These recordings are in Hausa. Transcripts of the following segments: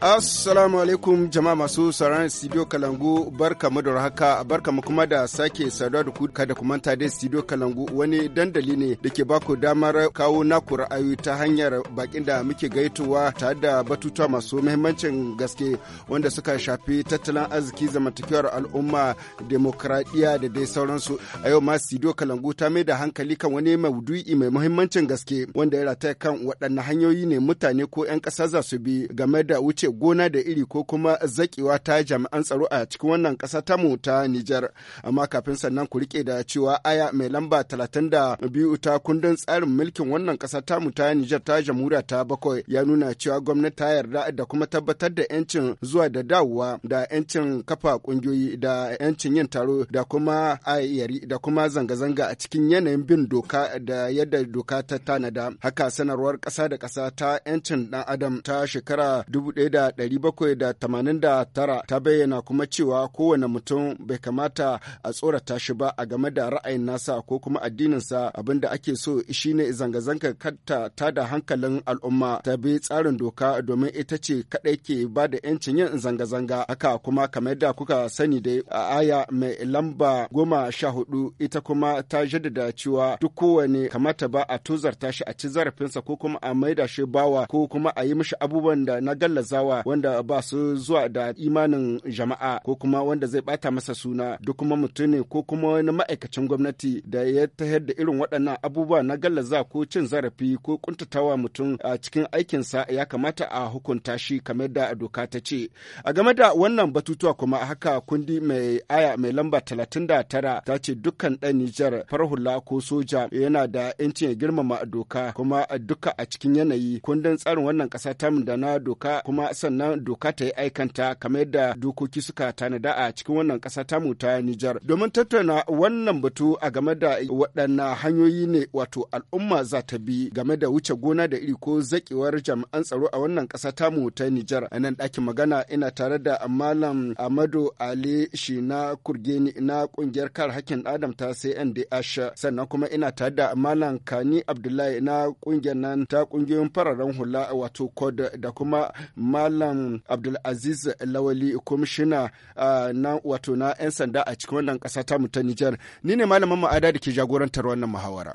Assalamu alaikum jama'a masu sauran studio Kalangu barka mu da haka barka mu kuma da sake saduwa da ku kada ku manta da studio Kalangu wani dandali ne da ke baku damar kawo naku ra'ayoyi ta hanyar bakin da muke gaituwa tare da batutuwa masu muhimmancin gaske wanda suka shafi tattalin arziki zamantakewar al'umma demokradiya da dai sauransu a yau ma studio Kalangu ta mai da hankali kan wani maudu'i mai muhimmancin gaske wanda ya rataya kan waɗanne hanyoyi ne mutane ko 'yan ƙasa za su bi game da wuce gona da iri ko kuma Zakewa ta jami'an tsaro a cikin wannan ƙasa mu ta Nijar. Amma kafin sannan ku rike da cewa aya mai lamba 32 ta kundin tsarin mulkin wannan ƙasa mu ta Nijar ta jamhuriya ta bakwai ya nuna cewa gwamnati ta yarda da kuma tabbatar da 'yancin zuwa da dawowa da 'yancin kafa ƙungiyoyi da 'yancin yin taro da kuma ayyari da kuma zanga-zanga a cikin yanayin bin doka da yadda doka ta tanada. Haka sanarwar ƙasa da ƙasa ta 'yancin ɗan adam ta shekara 1900 1789 ta bayyana kuma cewa kowane mutum bai kamata a tsorata shi ba a game da ra'ayin nasa ko kuma addininsa abinda ake so shi ne zanga-zangar kanta ta da hankalin al'umma ta bi tsarin doka domin ita ce kaɗai ke ba da 'yancin yin zanga-zanga haka kuma kamar da kuka sani da a aya mai lamba goma sha hudu ita kuma ta jaddada cewa duk kowane kamata ba a tozarta shi a ci zarafinsa ko kuma a maida shi bawa ko kuma a yi mishi abubuwan da na gallazawa yawa wanda ba su zuwa da imanin jama'a ko kuma wanda zai bata masa suna duk kuma mutum ne ko kuma wani ma'aikacin gwamnati da ya tahar da irin waɗannan abubuwa na gallaza ko cin zarafi ko kuntatawa mutum a cikin aikinsa ya kamata a hukunta shi kamar da doka ta ce a game da wannan batutuwa kuma haka kundi mai aya mai lamba 39 ta ce dukkan ɗan Nijar farhula ko soja yana da 'yancin ya girmama doka kuma duka a cikin yanayi kundin tsarin wannan ƙasa ta da na doka kuma sannan doka ta yi aikanta kamar yadda dokoki suka tanada a cikin wannan ƙasa tamu ta Nijar. Domin tattauna wannan batu a game da waɗanne hanyoyi ne wato al'umma za ta bi game da wuce gona da iri ko zaƙewar jami'an tsaro a wannan ƙasa tamu ta Nijar. A nan ɗakin magana ina tare da Malam Amadu Ali na Kurgeni na ƙungiyar kare hakkin Adam ta CNDH sannan kuma ina tare da Malam Kani Abdullahi na ƙungiyar nan ta ƙungiyoyin fararen hula wato kod da kuma ma Malam Abdulaziz Lawali komishina ah, na wato na 'yan sanda a cikin wannan ƙasa ta mu ta Nijar. Ni ne malaman ma'ada da ke jagorantar wannan muhawara.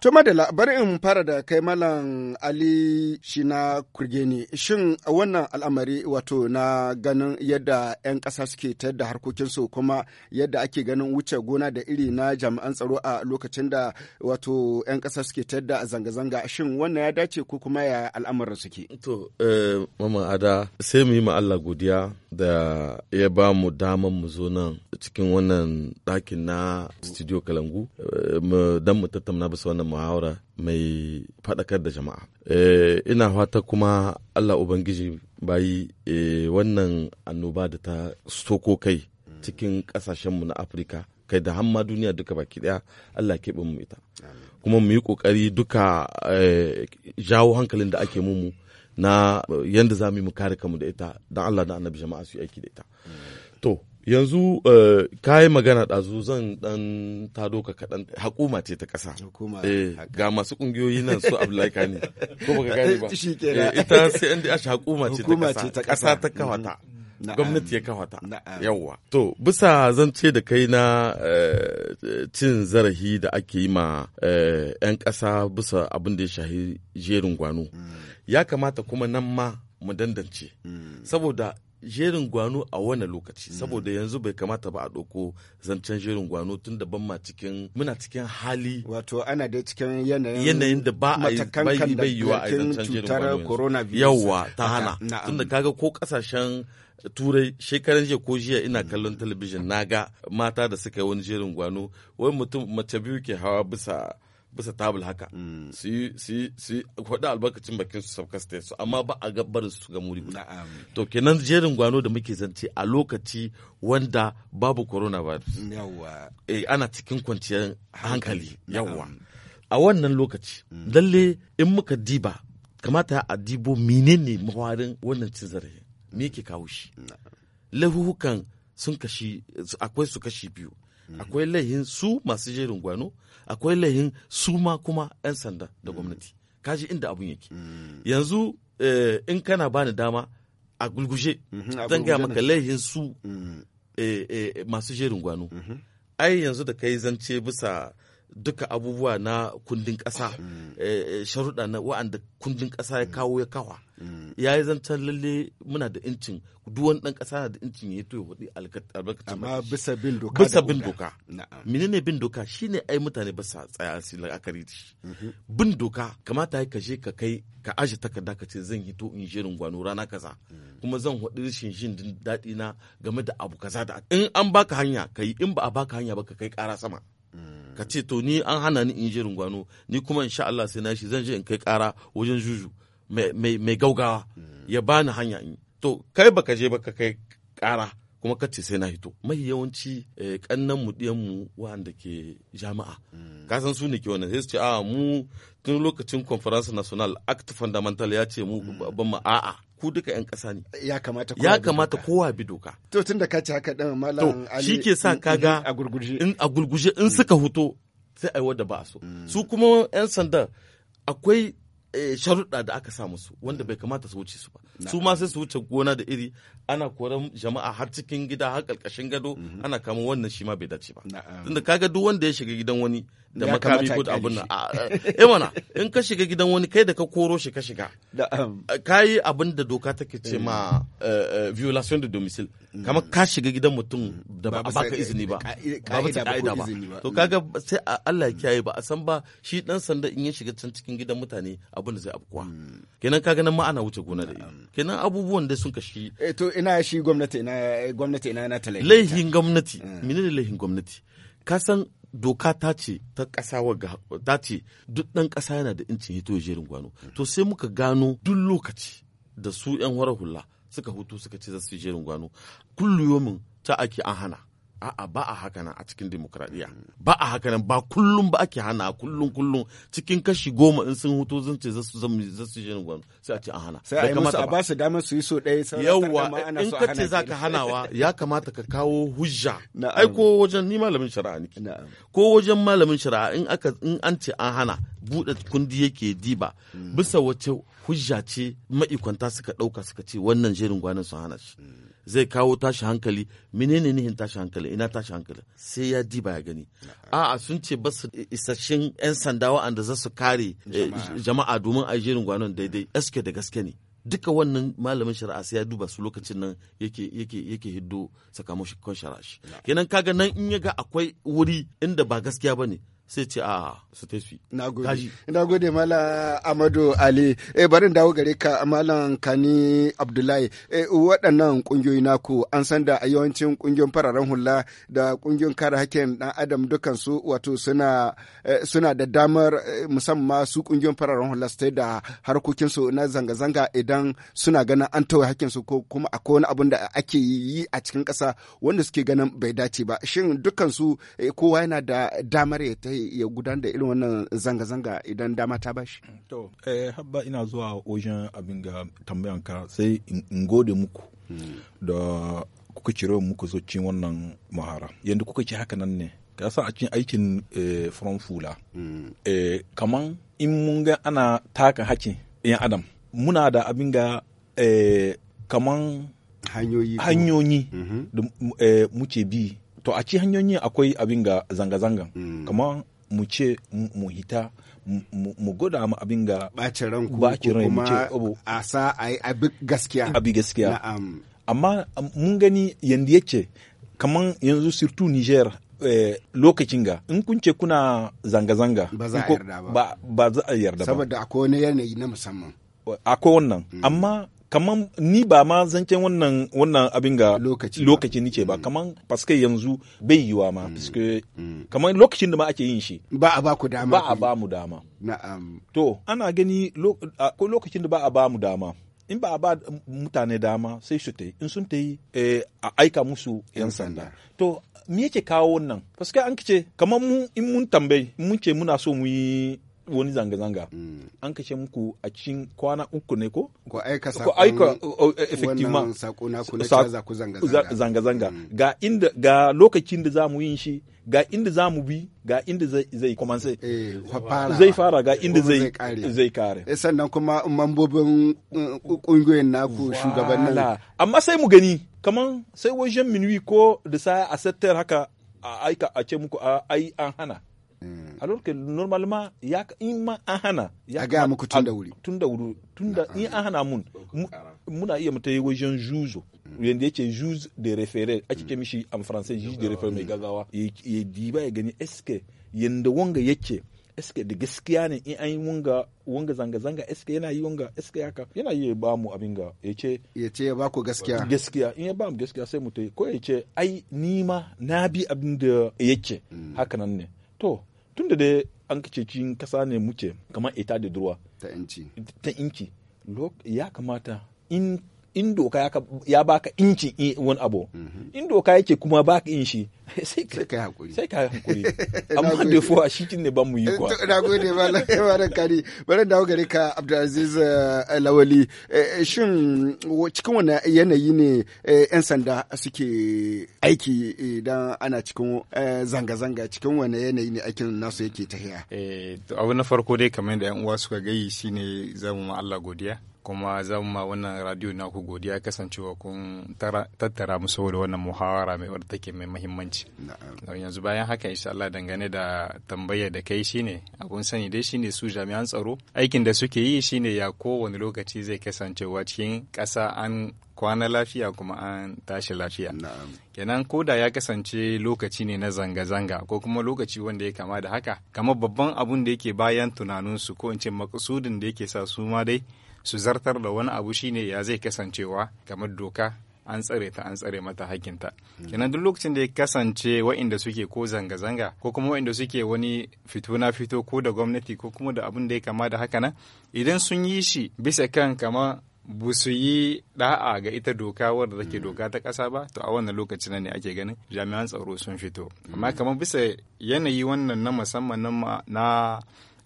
To madala bari in fara da kai malam Ali shi na kurgeni shin wannan al'amari wato na ganin yadda 'yan ƙasa suke tayar da harkokinsu kuma yadda ake ganin wuce gona da iri na jami'an tsaro a lokacin da wato 'yan ƙasa suke tayar da zanga-zanga shin wannan ya dace ko kuma ya al'amuran suke? To eh, ada sai mu yi ma Allah godiya da ya ba mu damar mu zo nan cikin wannan ɗakin na studio Kalangu eh, dan mu tattauna bisa wannan muhawara mai faɗakar da jama'a eh, ina fata kuma allah ubangiji bayi eh, wannan annoba da ta soko kai cikin ƙasashenmu na afirka kai da hamma duniya duka baki daya Allah keɓe mu ita kuma mu yi ƙoƙari duka eh, jawo hankalin da ake mumu na yadda za mu kare kamu da ita don Allah da annabi jama'a su yi aiki da ita to yanzu uh, yi magana ɗazu zan ɗan tado ka kaɗan hakuma ce ta ƙasa eh, ga masu ƙungiyoyi nan su abdullahi ne ko baka gane ba eh, ita sai an ashe hakuma ce ta ƙasa ta kawata mm-hmm. gwamnati ya kawata yawwa to bisa zance da kai na cin zarafi da ake yi ma 'yan ƙasa bisa abin da ya shahi jerin gwano mm. ya kamata kuma nan ma mu dandance mm. saboda jerin gwano a wani lokaci hmm. saboda yanzu bai kamata ba a ɗauko zancen jerin gwano tun da ban ma cikin muna cikin hali wato ana dai cikin yanayin yanayin da ba a yi bai yiwa a zancen jerin gwano yawa ta hana tun da kaga ko kasashen turai shekaran jiya ko jiya ina kallon talabijin na ga mata da suka yi wani jerin gwano wai mutum mace biyu ke hawa bisa bisa tabul haka mm. su si si hudu albarkacin bakin su sauka state su amma ba a gabar su ga muri guda to kenan jerin gwano da muke zance a lokaci wanda babu corona ba yawa eh ana cikin kwanciyar hankali yawa a wannan lokaci mm. lalle in muka diba kamata a dibo menene mawarin wannan cin zarafi me yake kawo shi lahuhukan sun kashi akwai su kashi biyu Mm-hmm. akwai layin su masu jerin gwano akwai layin su ma kuma 'yan sanda da gwamnati mm-hmm. kaji inda abun yake mm-hmm. yanzu eh, in kana bani dama a gulgushe zan gaya maka layin su eh, eh, masu jerin gwano ai yanzu da kai zance bisa duka abubuwa na kundin ƙasa mm. eh, eh, sharuɗa na wa'anda kundin ƙasa ya mm. kawo ya kawa mm. ya yi zancen lalle muna da incin duwan ɗan ƙasa na da incin ya to ya hudu albarkacin amma bisa bin doka bisa bin doka menene bin doka shine ai mutane ba sa tsaya su la'akari da shi mm-hmm. bin doka kamata ya kashe ka kai ka aje takarda ka ce zan hito in shirin gwano rana kaza kuma zan hudu rashin jin daɗi na game da abu kaza da in an baka hanya ka yi in ba a baka hanya ba ka kai ƙara sama Mm. ka ce to ni an hana ni in je rungwano ni kuma insha Allah sai na shi zan je in kai kara wajen juju mai gaugawa mm. ya bani hanya in to kai baka je baka kai kara kuma ka ce sai na hito mai yawanci kannan eh, mu diyan mu wanda ke jami'a mm. ka san su ne ke wannan sai su ce a mu tun lokacin conference national act fundamental ya ce mu ban mu a'a ku duka 'yan ƙasa ne ya kamata ya kamata kowa bi doka to tunda ka ci haka dan malam ali shi ke sa kaga a gurguje in a gurguje in mm. suka huto sai ai wanda ba so mm. su kuma 'yan sanda akwai eh, sharuɗa da aka sa musu wanda bai kamata su wuce su ba su ma sai su wuce gona da iri ana koran jama'a har cikin gida har karkashin gado mhm. ana kama wannan shi ma bai dace ba tunda kaga duk wanda ya shiga gidan wani da makami ko da abun nan eh mana in ka shiga gidan wani kai da ka koro shi ka shiga kai abin da doka take ce ma eh. Eh, eh, violation de domicile kamar ka shiga gidan mutum da ba a baka izini ba ba ba ta ka'ida ba to kaga mm. sai Allah ya mm. kiyaye ba a san ba shi dan sanda in ya shiga can cikin gidan mutane abin da zai afkuwa mm. kenan kaga nan ma ana wuce gona da iri kenan abubuwan da sun kashi e, to ina shi gwamnati ina gwamnati ina na talai laihin gwamnati hmm. menene laihin gwamnati ka san doka ta ce ta ƙasa waga ta ce duk ɗan ƙasa yana da incin hito jerin gwano hmm. to sai muka gano duk lokaci da su 'yan warar hula suka hutu suka ce za su jerin gwano kullu yomin ta ake an hana a'a ba a haka nan a cikin demokradiyya ba a haka nan ba kullum ba ake hana kullum kullum cikin kashi goma in sun hutu zan ce zasu zan zasu je gwan sai a ce an hana sai a yi musu a ba su damar su yi so ɗaya hana in ka ce zaka hanawa ya kamata ka kawo hujja ai ko wajen ni malamin shari'a ne ko wajen malamin shari'a in aka in an ce an hana buɗe kundi yake diba hmm. bisa wace hujja ce ma'ikwanta suka ɗauka suka ce wannan jerin gwanin sun hana shi hmm. zai kawo tashi hankali menene nihin tashi hankali ina tashi hankali sai ya diba ya gani a'a sun ce ba su isasshen yan sanda wa'anda za su kare eh, jama'a domin a jerin gwanon daidai eske da gaske ne duka wannan malamin shari'a sai ya duba su lokacin nan yake yake yake hiddo sakamakon shari'a shi kenan kaga nan in ya ga akwai wuri inda ba gaskiya bane sai ce a ah, su ta Na Na gode Mala Amadu Ali. Eh bari dawo gare ka Malam Kani Abdullahi. Eh waɗannan ƙungiyoyi naku an san da yawancin ƙungiyoyin fararen hula da ƙungiyoyin kare hakkin ɗan adam dukansu wato suna eh, da damar eh, musamman su ƙungiyoyin fararen hula su da harkokin na zanga-zanga idan suna ganin an tawaye hakkin su ko kuma akwai wani abun da ake yi a cikin ƙasa wanda suke ganin bai dace ba. Shin dukansu eh, kowa yana da damar ya ta ya gudanar da irin wannan zanga-zanga idan dama ta bashi. To, eh, habba ina zuwa wajen abin ga tambayanka sai in gode muku hmm. da kuka cire muku zocin wannan mahara. Yanda kuka ci haka nan ne, ka sa a cikin aikin eh, fula. Hmm. Eh, kaman in mun ga ana taka hakin 'yan adam, muna da abin ga eh, kaman hanyoyi hanyoyi mhm. da eh, muke bi to a ci hanyoyin akwai abin ga zanga-zangan mm. kamar mu ce mu hita mu goda mu abin ga bacin ranku kuma a sa a bi gaskiya a bi gaskiya amma mun gani yadda yake kamar yanzu sirtu niger eh, lokacin ga in kun ce kuna zanga-zanga ba za a yarda ba a saboda akwai wani yanayi na musamman akwai wannan mm. amma kamar ni ba ma zancen wannan wannan abin ga lokaci nike ba mm. kamar paske yanzu bai yiwa ma mm. paske mm. kaman lokacin da ma ake yin shi ba a ba ku dama ba a ba mu dama na'am to ana gani ko lokacin da ba a ba mu dama in ba a ba mutane dama sai su ta yi in sun ta yi eh, a aika musu yan sanda to me yake kawo wannan paske an kice kamar mu in mun tambayi mun ce muna so mu yi wani zanga-zanga mm. an kashe muku a cikin kwana uku ne ko ko aika ko aika uh, uh, effectivement sako na ku zanga-zanga zanga-zanga mm. ga inda ga lokacin da zamu yin shi ga inda mu bi ga inda zai commence eh, zai fara ga eh, inda zai zai kare eh, sannan kuma mambobin kungiyoyin naku shugabannin amma sai mu gani kaman sai wajen minwi ko da sa a sattar haka a aika a ce muku ai an hana Mm. alors que normalement ya in ma an hana ya ga muku tun da wuri tun da wuri tun da in an hana mun muna iya mu tayi wajen juzo mm. yanda yake juge de référé mm. a ce mishi en français juge de référé mai gaggawa ya diba ya gani eske yanda wanga yake eske da gaskiya ne in an yi wanga wanga zanga zanga eske yana yi wanga eske haka yana yi ba mu abin ga ya ce ya ce ya ba ku gaskiya gaskiya in ya ba mu gaskiya sai mu ta ko ya ce ai ni ma na bi abin da yake haka nan ne to tun dai an kace cikin kasa ne muke kamar ita da durwa ta inci ya kamata in in doka ya baka inci wani abu mhm. in doka yake kuma baka inci sai ka hakuri sai ka hakuri amma da fo a shikin ne ba mu yi eh, kwa na gode da kari bari dawo gare ka Abdulaziz eh, eh, Lawali shin cikin wani yanayi ne yan sanda suke aiki idan ana cikin zanga zanga cikin wani yanayi ne aikin nasu yake tahiya abu na farko dai kamar da yan uwa suka gayi shine zamu ma Allah godiya kuma zan ma wannan radio na naku godiya kasancewa kun tattara mu saboda wannan muhawara mai wadda take mai muhimmanci yanzu bayan haka insha Allah dangane da tambaya da kai shine abun sani dai shine su jami'an tsaro aikin da suke yi shine ya kowane lokaci zai kasancewa cikin kasa an kwana lafiya kuma an tashi lafiya kenan da ya kasance lokaci ne na zanga-zanga ko kuma lokaci wanda ya kama da haka kamar babban abun da yake bayan tunaninsu ko in ce makasudin da yake sa su ma dai su zartar da wani abu shine ya zai kasancewa kamar doka an tsare ta an tsare mata hakinta kenan duk lokacin da ya kasance wa'inda suke ko zanga-zanga ko kuma wa'inda suke wani fito na fito ko da gwamnati ko kuma da abin da ya kama da haka nan idan sun yi shi bisa kan kama bu su yi da'a ga ita doka wadda take mm. doka ta kasa ba to a wannan lokacin ne ake ganin jami'an tsaro sun fito amma kamar bisa yanayi wannan na musamman na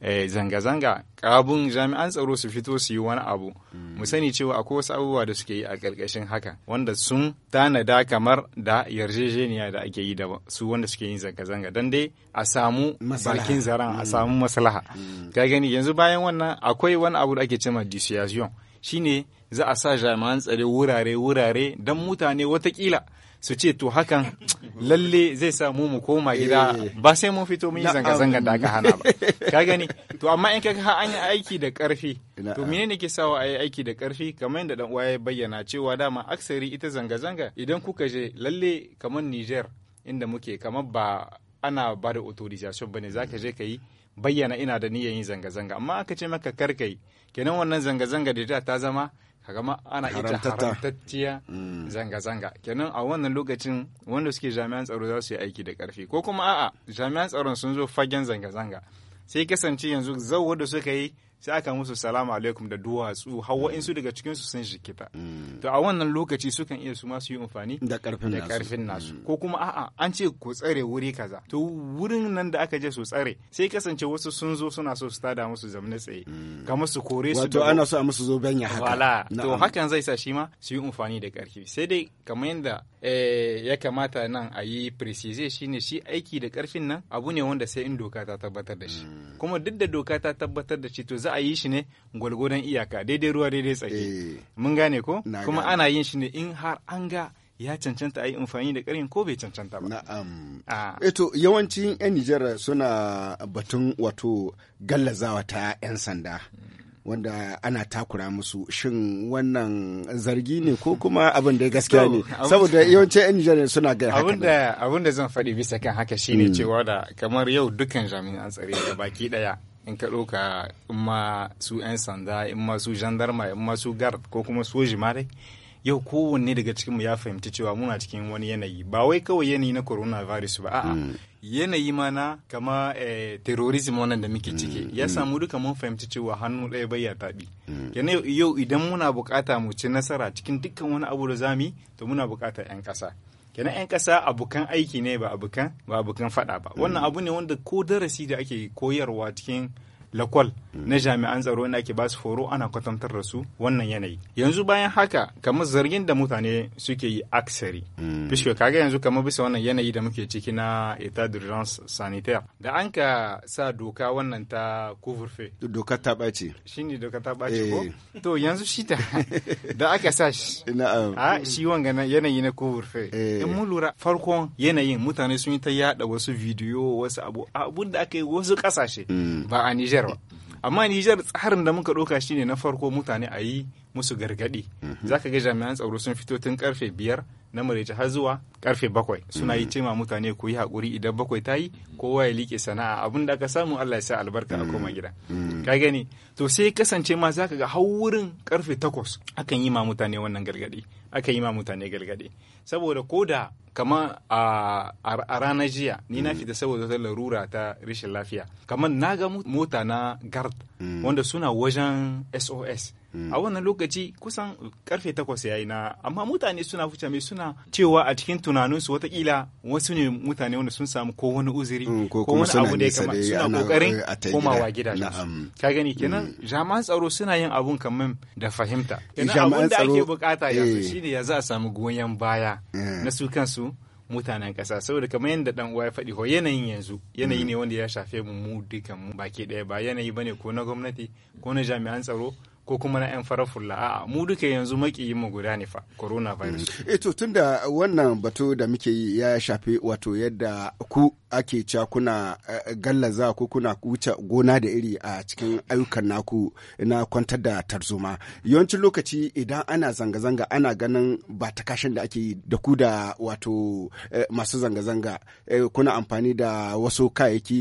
Eh, zanga-zanga kabun jami'an tsaro su fito su yi wani abu mu sani cewa akwai wasu abubuwa da suke yi a ƙarƙashin haka wanda sun tanada kamar da yarjejeniya da ake yi da su wanda suke yin zanga-zanga don dai a samu bakin zaren a mm. samu maslaha mm. ka gani yanzu bayan wannan akwai wani abu da ake cewa dissuasion shine za a sa jami'an tsaro wurare-wurare don mutane watakila su ce to hakan lalle zai sa mu koma gida eh. ba sai mun fito mun yi zanga-zanga da aka hana ba ka gani to amma in kaga an yi aiki da karfi to menene ke sawa a yi aiki da karfi kamar yadda dan uwa ya bayyana cewa dama aksari ita zanga-zanga idan kuka je lalle kamar Niger inda muke kamar ba ana ba da authorization bane zaka je ka yi bayyana ina da niyyar yin zanga-zanga amma aka ce maka karkai kenan wannan zanga-zanga da ta zama kaga ma ana ita haramtacciya mm. zanga-zanga kenan a wannan lokacin wanda suke jami'an tsaro za su yi aiki da karfi ko kuma a'a jami'an tsaron sun zo fagen zanga-zanga sai kasance yanzu zau da suka yi sai aka musu salamu alaikum da duwatsu hawa insu daga cikin su sun jikita mm. to a wannan lokaci sukan iya su masu yi amfani da karfin nasu mm. ko kuma a'a an ce ku tsare wuri kaza to wurin nan da aka je su tsare sai kasance wasu sun zo suna so su tada musu zamne tsaye ga mm. musu kore su wato ana so a musu zo banya haka wala to hakan zai sa shi ma su yi amfani da karfi sai dai kamar yadda eh, ya kamata nan a yi precise shine shi aiki da karfin nan abu ne wanda sai in doka ta tabbatar da shi kuma duk da doka ta tabbatar da shi to za a yi shi ne gwalgwadon iyaka daidai ruwa daidai tsaki eh. mun gane ko kuma ana yin shi ne in har an ga ya cancanta a yi amfani da ƙarin ko bai cancanta ba. Na'am. Ah. Eto eh yawancin 'yan Nijar suna batun wato gallazawa ta 'yan sanda. wanda ana takura musu shin wannan zargi ne ko kuma abin da gaskiya ne saboda yawancin 'yan Nijar suna ga haka abin da zan faɗi bisa kan haka shine hmm. cewa da kamar yau dukkan jami'an tsare da baki ɗaya in ka ɗauka in ma su 'yan sanda in ma su gendarma in ma su gard ko kuma soji ma dai yau kowanne daga cikinmu ya fahimci cewa muna cikin wani yanayi ba wai kawai yanayi na coronavirus ba a'a hmm. yanayi ma na kama eh, terrorism wannan da muke ciki hmm, ya hmm. samu duka mun fahimci cewa hannu ɗaya bai ya taɓi yau idan muna bukata mu ci nasara cikin dukkan wani abu da zamu to muna buƙata 'yan ƙasa kenan 'yan ƙasa abokan aiki ne ba abokan ba abokan faɗa ba wannan mm. abu ne wanda ko darasi da ake koyarwa cikin lakwal na jami'an tsaro na ake basu horo ana kwatantar da su wannan yanayi yanzu bayan haka kamar zargin da mutane suke yi aksari bishwe mm. kaga yanzu kamar bisa wannan yanayi da muke ciki na etat d'urgence sanitaire da an ka sa doka wannan ta kuvurfe. doka ta ɓace shine doka ta bace ko eh. to yanzu shi ta da aka sa shi a shi wannan yanayi na kuvurfe. Eh. in mun lura farkon yanayin mutane sun yi ta yada wasu bidiyo wasu abu abun da aka yi wasu kasashe mm. ba a Niger bayarwa amma Nijar tsarin da muka ɗauka shine na farko mutane a yi musu gargaɗi mhm. za ka ga jami'an tsaro sun fito tun karfe biyar na maraice har zuwa karfe bakwai suna yi mhm. cema mutane ku yi haƙuri idan bakwai ta yi kowa ya liƙe sana'a abin da aka samu Allah ya sa albarka a mhm. koma gida ka gani to sai kasance ma za ka ga hau wurin karfe takwas akan yi ma mutane wannan gargaɗi akan yi ma mutane gargaɗi saboda ko da kamar a ranar jiya ni na mm. fita saboda ta larura ta rashin lafiya kamar na ga mota na gard mm. wanda suna wajen sos Mm. a wannan lokaci kusan karfe takwas ya yi na amma mutane suna fuce mai suna cewa a cikin tunaninsu watakila wasu ne mutane wanda sun samu ko wani uzuri mm, ko wani abu da ya kama suna kokarin komawa gidajensu mm. ka gani kenan jami'an tsaro suna yin abun kamar da fahimta kenan abun da ake bukata yanzu eh. shine ya za a samu goyon baya eh. na su kansu mutanen kasa saboda kamar yadda dan uwa ya faɗi ho yanayin yanzu yanayi ne wanda ya shafe mu mu dukan mu baki ɗaya ba yanayi bane ko na gwamnati ko na jami'an tsaro ko kuma na 'yan farar fulla a'a mu duka yanzu makiyin mu guda ne fa coronavirus mm. eto eh tun da wannan batu da muke yi ya shafi wato yadda ku ake cewa kuna eh, gallaza ko kuna wuce gona da iri a cikin ayyukan naku na kwantar da tarzoma yawancin lokaci idan ana zanga-zanga ana ganin ba ta kashin da ake yi da ku da wato eh, masu zanga-zanga kuna amfani da wasu kayayyaki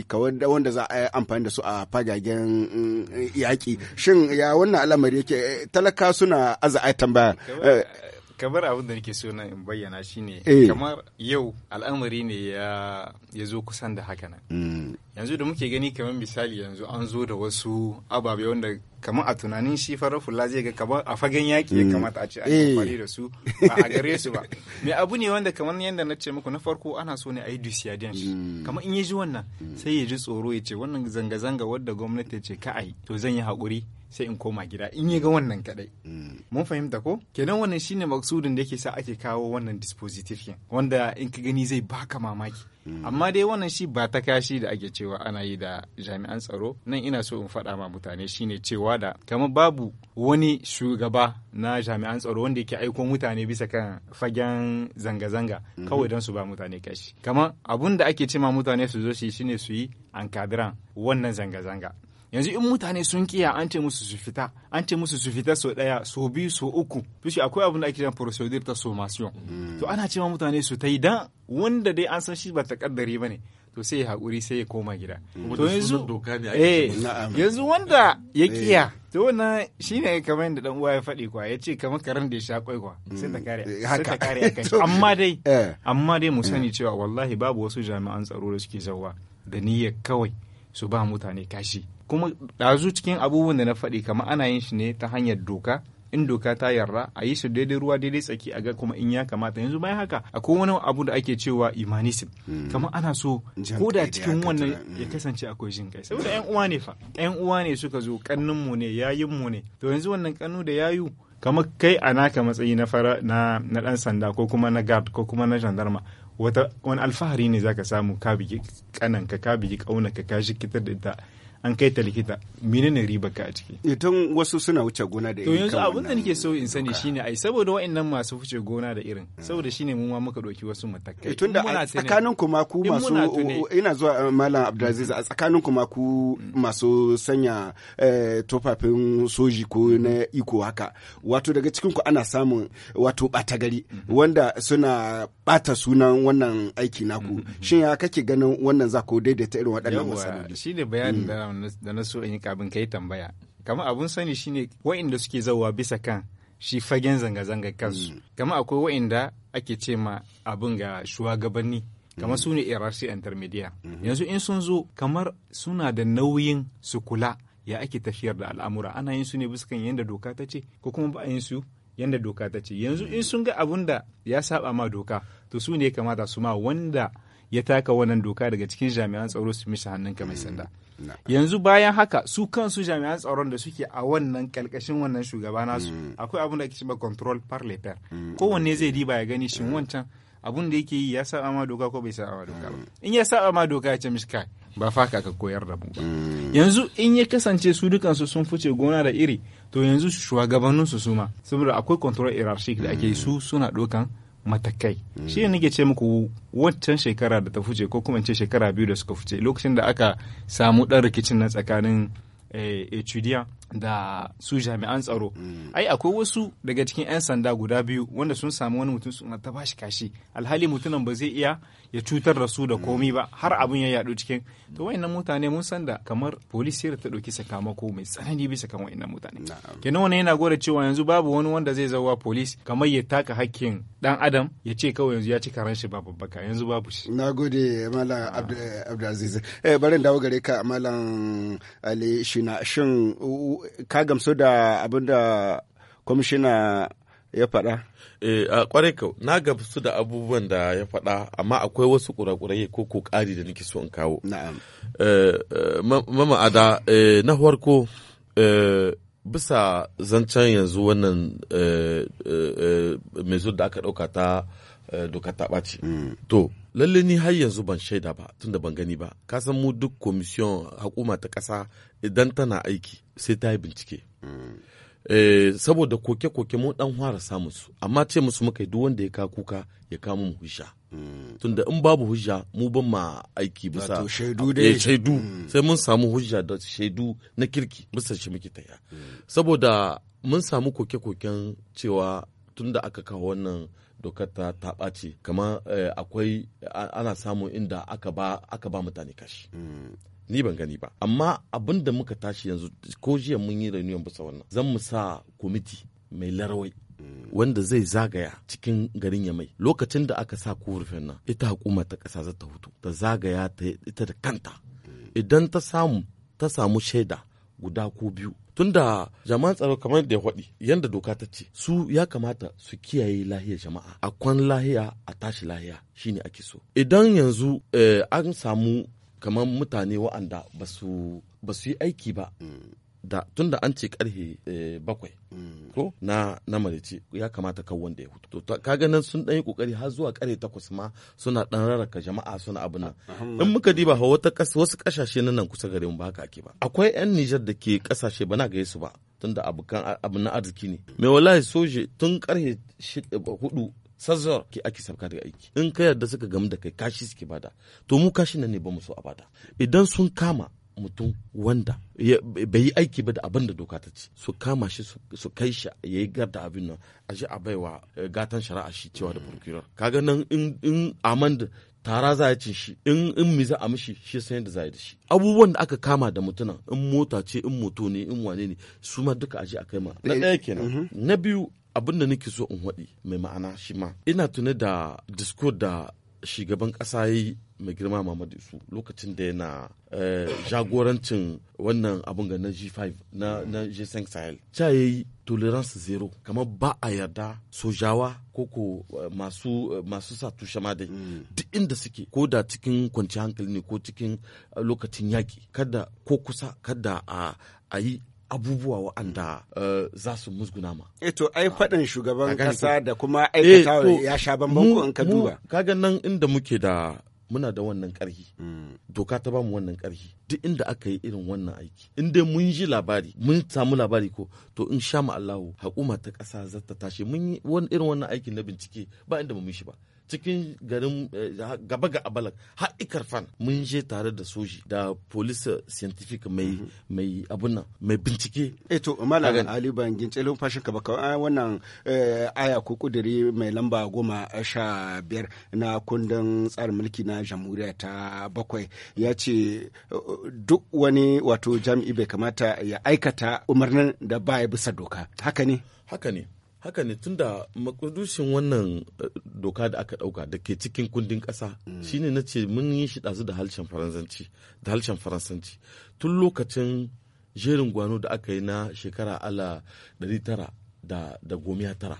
wanda za a amfani da su a fagagen mm, yaƙi shin ya wannan al'amari yake eh, talaka suna aza eh, kamar abin da nake so na in bayyana shine eh. kamar yau al'amari ne ya zo kusan da haka nan mm. yanzu da muke gani kamar misali yanzu an zo da wasu ababe wanda kamar a tunanin shi farar fulla zai ga kamar a fagen yaki ya mm. kamata a ce a amfani da su ba a gare su ba me abu ne wanda kamar yadda na ce muku na farko ana so ne a yi dusiyadiyan shi mm. kamar in ya ji wannan sai ya ji tsoro ya ce wannan zanga-zanga wadda gwamnati ce ka a yi to zan yi haƙuri sai in koma gida in yi ga wannan kadai mm. mun fahimta ko kenan wannan shine maksudin da yake sa ake kawo wannan dispositive wanda in ka gani zai baka mamaki mm. amma dai wannan shi ba ta kashi da ake cewa ana yi da jami'an tsaro nan ina so in faɗa ma mutane shine cewa da kamar babu wani shugaba na jami'an tsaro wanda yake aiko mutane bisa kan fagen zanga-zanga mm-hmm. kawai don su ba mutane kashi kamar abun da ake ce ma mutane su zo shi shine su yi an wannan zanga-zanga yanzu in mutane sun kiya an ce musu su fita an ce musu su fita so daya so biyu so uku bishi akwai abin da ake kiran procedure ta somation mm. to ana cewa mutane su ta yi dan wanda dai an san shi ba ta kaddare ne to sai ya haƙuri sai ya koma gida mm. to yanzu eh, yanzu wanda ya eh. kiya to wannan shine kamar yadda dan uwa ya faɗi kwa ya ce kamar karen da ya sha kwai kwa sai ta kare mm. sai ta kare amma dai eh. amma dai mu sani cewa wallahi babu wasu jami'an tsaro da suke zawa da niyyar kawai su ba mutane kashi kuma ɗazu cikin abubuwan da na faɗi kamar ana yin shi ne ta hanyar doka in doka ta yarda a yi su daidai ruwa daidai tsaki a ga kuma in ya kamata yanzu bayan haka akwai wani abu da ake cewa imanism hmm. kamar ana so ko da cikin wannan hmm. ya kasance akwai jin kai saboda yan uwa ne fa yan uwa ne suka zo kannin mu ne yayin mu ne to yanzu wannan kannu da yayu kamar kai a naka matsayi na fara na na sanda ko kuma na guard ko kuma na gendarma wata wani alfahari ne zaka samu ka bigi kananka ka bigi kaunaka ka kitar da ita an kai ta likita menene riba ka a ciki ita eh, wasu suna wuce gona da irin to yanzu abin da nake so in sani shine ai saboda wa'annan masu wuce gona da irin saboda shine mu ma muka doki wasu matakai eh, tunda a tsakanin ku ma ku masu ina zuwa eh, malam Abdulaziz a tsakanin ku ma ku masu sanya tofafin soji ko na iko haka wato daga cikin ku ana samun wato bata gari wanda suna bata sunan wannan aiki naku mm-hmm. shin ya kake ganin wannan za ku daidaita irin waɗannan matsaloli shine bayanin da mm. da na so in yi kabin kai tambaya kamar abun sani shine wa'inda suke zauwa bisa kan shi fagen zanga-zanga kansu mm. kamar akwai wa'inda ake ce ma abin ga shugabanni kamar su ne irarsi mm. intermedia mm-hmm. yanzu in sun zo kamar suna da nauyin su kula ya ake tafiyar da al'amura ana yin su ne bisa kan yadda doka ta ce ko kuma ba a yin su yadda doka ta ce yanzu in sun ga abun da ya saba ma doka to su ne kamata su ma wanda ya taka wannan doka daga cikin jami'an tsaro su mishi hannunka mai sanda mm, yanzu bayan haka su kansu jami'an tsaron da suke a wannan kalkashin wannan shugaba nasu mm. akwai abin da ake cewa control par le pair mm, kowanne zai diba ya gani shin wancan abun da yake yi ya saba ma doka ko bai saba ma doka ba in ya saba ma doka ya ce mishi kai ba fa ka koyar da mu ba yanzu in ya kasance su dukansu sun fice gona da iri to yanzu shugabanninsu su ma saboda akwai control hierarchy da ake su suna dokan matakai mm. shi ne nake ce muku waccan shekara da ta fice ko kuma ce shekara biyu da suka fice lokacin da aka samu ɗan rikicin na tsakanin eh, etudiant da su jami'an tsaro ai akwai wasu daga cikin 'yan sanda guda biyu wanda sun samu wani mutum suna ta bashi kashi alhali mutumin ba zai iya ya cutar da su da komi ba har abin ya yadu cikin to wayannan mutane mun san da kamar polisiyar ta ɗauki sakamako mai tsanani bisa kan wayannan mutane kenan wannan yana gwada cewa yanzu babu wani wanda zai zauwa polis kamar ya taka hakkin dan adam ya ce kawai yanzu ya ci karan shi ba baka yanzu babu shi nagode malam eh, abdulaziz eh barin dawo gare ka malam ali shina shin ka gamsu da abin da kwamishina ya faɗa? Eh, a kwarai kau, na gamsu da abubuwan da ya faɗa, amma akwai wasu kurakurai ko ko kari da nake so in kawo. Na'am. Mama eh, eh, Ada, eh, na farko bisa zancen yanzu wannan mai da aka ɗauka ta Eh, doka ta ɓaci. Mm. To, lalle ni har yanzu ban shaida ba tun da ban gani ba. Ka san mu duk komisiyon hakuma ta ƙasa idan tana aiki sai ta yi bincike. Mm. Eh, saboda koke-koke mun ɗan fara samun su amma ce musu muka duk wanda ya ka kuka ya kama mu hujja mm. tunda in babu hujja mu ban ma aiki bisa shaidu dai eh, shaidu sai mun samu hujja da shaidu na kirki bisa shi muke taya saboda mun samu koke-koken cewa tunda aka kawo wannan dokar ta ta ɓace kamar eh, akwai ana samun inda aka ba aka ba mutane kashi mm. ni ban gani ba amma abin da muka tashi yanzu ko jiya mun yi reunion bisa wannan zan mu sa kwamiti mai larawai mm. wanda zai zagaya cikin garin ya mai. lokacin da aka sa korafin nan ita hukuma ta kasa za ta hutu ta zagaya ta ita da kanta mm. idan ta samu shaida guda ko biyu tunda jama'an tsaro kamar da ya faɗi yadda doka ta ce su ya kamata su kiyaye lahiyar jama'a a kwan lahiya a tashi lahiya shine ake so idan yanzu eh, an samu kamar mutane wa'anda ba su yi aiki ba mm. da tunda an ce karhe eh, bakwai mm. ko na na marici ya kamata kan wanda ya hutu to kaga nan sun dan yi kokari har zuwa kare takwas ma suna dan raraka jama'a suna abin nan in muka diba ha wata wasu kasashe na nan kusa gare mu ba haka ake ba akwai yan Nijar da ke kasashe ba na su ba tunda abokan abu na arziki ne me wallahi soje tun karfe eh, hudu sazzar ke ake sabka daga aiki in ka yarda suka gamu da kai kashi suke bada to mu kashi nan ne ba mu so a bada idan sun kama mutum wanda bai yi aiki ba da abin da doka ta ce su kama shi su kai shi ya yi garda abin nan a shi a baiwa eh, gatan shari'a shi cewa da procurer kaga nan in amand tara za ya ci shi in in mi a mishi shi san yadda za yi da shi abubuwan da aka kama da mutuna in mota ce in moto ne in wane ne su ma duka a a kai ma na ɗaya kenan eh, mhm. na biyu abin da nake so in waɗi mai ma'ana shi ma ina tuna da disco da shugaban ƙasa ya yi mai girma mamadu Isu lokacin da yana eh, jagorancin wannan abun ga na G5 na, na G5 Sahel. Ca ya yi tolerance zero kamar ba a yarda sojawa ko ko eh, masu eh, masu sa tushe ma mm. duk inda suke ko da cikin kwanci hankali ne ko cikin lokacin yaƙi kada ko kusa kada a yi abubuwa wa'anda eh, za su musguna ma. Eto eh, ai faɗin shugaban ƙasa da kuma eh, aikatawa ya sha bambam ko in ka duba. Kaga nan inda muke da muna da wannan ƙarfi. Doka ta mu wannan ƙarfi. Duk inda aka yi irin wannan aiki. In dai mun ji labari, mun samu labari ko to in sha Allahu hakuma ta ƙasa za ta tashi mun yi irin wannan aikin na bincike ba inda mu shi ba. cikin garin eh, gaba ga abalak har ikarfan mun je tare da soji da police scientific mai mhm. mai mai bincike eh to malam ali bangin tselon fashin ka baka ah, wannan eh, aya ko kudiri mai lamba goma eh, sha biyar na kundin tsarin mulki na jamhuriya ta bakwai ya ce duk wani wato jami'i bai kamata ya aikata umarnin da baya bisa doka haka ne haka ne haka ne tunda makudushin wannan eh, doka da aka dauka da ke cikin kundin kasa mm. shine na ce mun yi shi ɗazu da halshen faransanci da harshen faransanci tun lokacin jerin gwano da aka yi na shekara ala 900 da da gomiya tara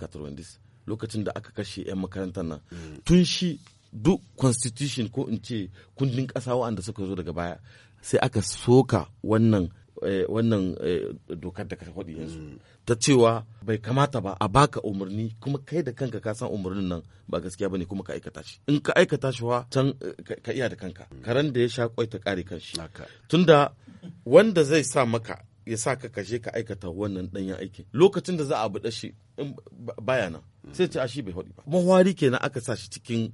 katarwandis mm. lokacin da aka kashe 'yan makarantar nan mm. tun shi duk constitution ko in ce kundin ƙasa waɗanda suka zo daga baya sai aka soka wannan Eh, wannan eh, dokar da ka faɗi yanzu ta cewa bai kamata ba a baka umarni kuma kai da kanka ka san umarnin nan ba gaskiya bane kuma ka aikata shi in ka aikata shi wa can eh, ka iya da kanka karan da ya sha kwai ta kare kanshi tunda wanda zai sa maka ya sa ka kashe ka aikata wannan danyen aikin lokacin da za a buɗe shi baya nan sai ce a shi bai haɗi ba mawari kenan aka sa shi cikin